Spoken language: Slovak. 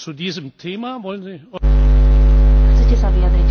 zu diesem thema wollen sie? Chcete sa